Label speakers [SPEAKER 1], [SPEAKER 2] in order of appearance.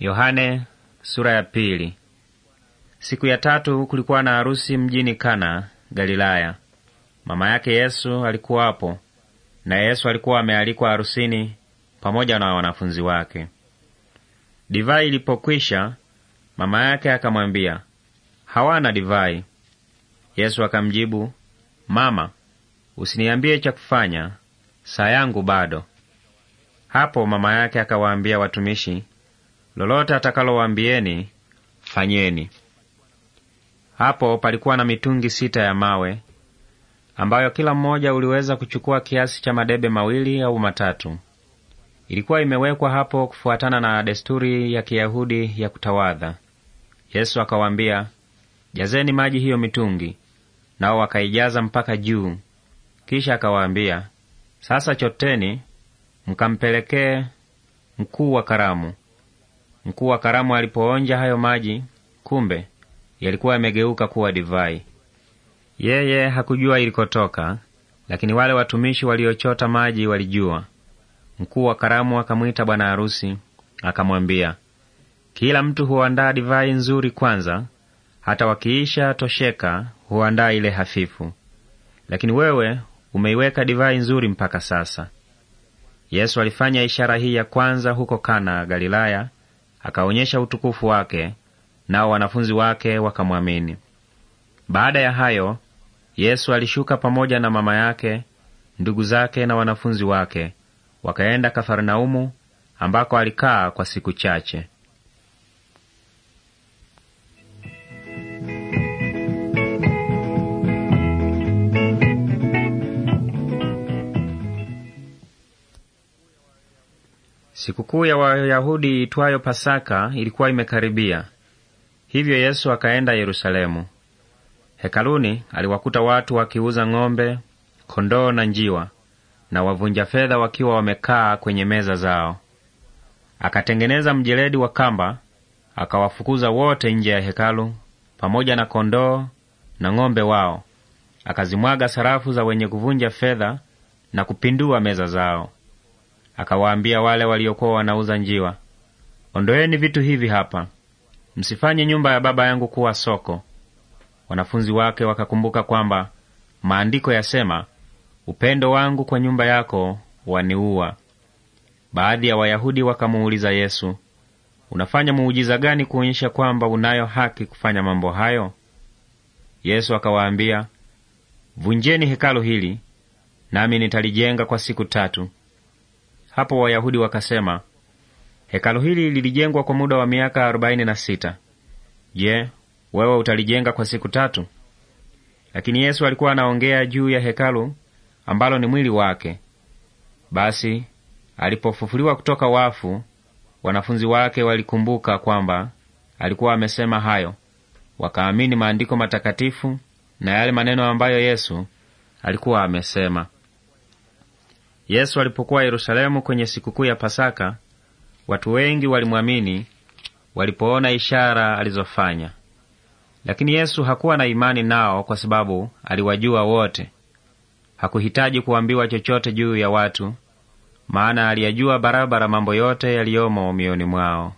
[SPEAKER 1] Yohane, sura ya pili. Siku ya tatu kulikuwa na harusi mjini Kana Galilaya. Mama yake Yesu alikuwa hapo, na Yesu alikuwa amealikwa harusini pamoja na wanafunzi wake. Divai ilipokwisha, mama yake akamwambia, hawana divai. Yesu akamjibu, mama, usiniambie cha kufanya, saa yangu bado. Hapo mama yake akawaambia watumishi, lolote atakalowaambieni fanyeni. Hapo palikuwa na mitungi sita ya mawe ambayo kila mmoja uliweza kuchukua kiasi cha madebe mawili au matatu. Ilikuwa imewekwa hapo kufuatana na desturi ya Kiyahudi ya kutawadha. Yesu akawaambia, jazeni maji hiyo mitungi, nao wakaijaza mpaka juu. Kisha akawaambia, sasa choteni mkampelekee mkuu wa karamu. Mkuu wa karamu alipoonja hayo maji, kumbe yalikuwa yamegeuka kuwa divai. Yeye hakujua ilikotoka, lakini wale watumishi waliochota maji walijua. Mkuu wa karamu akamwita bwana harusi akamwambia, kila mtu huandaa divai nzuri kwanza, hata wakiisha tosheka huandaa ile hafifu, lakini wewe umeiweka divai nzuri mpaka sasa. Yesu alifanya ishara hii ya kwanza huko Kana Galilaya, akaonyesha utukufu wake, nao wanafunzi wake wakamwamini. Baada ya hayo, Yesu alishuka pamoja na mama yake, ndugu zake na wanafunzi wake, wakaenda Kafarnaumu ambako alikaa kwa siku chache. Sikukuu ya Wayahudi itwayo Pasaka ilikuwa imekaribia, hivyo Yesu akaenda Yerusalemu. Hekaluni aliwakuta watu wakiuza ng'ombe, kondoo na njiwa, na wavunja fedha wakiwa wamekaa kwenye meza zao. Akatengeneza mjeledi wa kamba, akawafukuza wote nje ya hekalu, pamoja na kondoo na ng'ombe wao, akazimwaga sarafu za wenye kuvunja fedha na kupindua meza zao akawaambia wale waliokuwa wanauza njiwa, ondoeni vitu hivi hapa, msifanye nyumba ya Baba yangu kuwa soko. Wanafunzi wake wakakumbuka kwamba maandiko yasema, upendo wangu kwa nyumba yako waniua. Baadhi ya Wayahudi wakamuuliza Yesu, unafanya muujiza gani kuonyesha kwamba unayo haki kufanya mambo hayo? Yesu akawaambia, vunjeni hekalu hili, nami nitalijenga kwa siku tatu. Hapo Wayahudi wakasema, hekalu hili lilijengwa kwa muda wa miaka arobaini na sita. Je, wewe utalijenga kwa siku tatu? Lakini Yesu alikuwa anaongea juu ya hekalu ambalo ni mwili wake. Basi alipofufuliwa kutoka wafu, wanafunzi wake walikumbuka kwamba alikuwa amesema hayo, wakaamini maandiko matakatifu na yale maneno ambayo Yesu alikuwa amesema. Yesu alipokuwa Yerusalemu kwenye sikukuu ya Pasaka, watu wengi walimwamini walipoona ishara alizofanya. Lakini Yesu hakuwa na imani nao, kwa sababu aliwajua wote. Hakuhitaji kuambiwa chochote juu ya watu, maana aliyajua barabara mambo yote yaliyomo mioyoni mwao.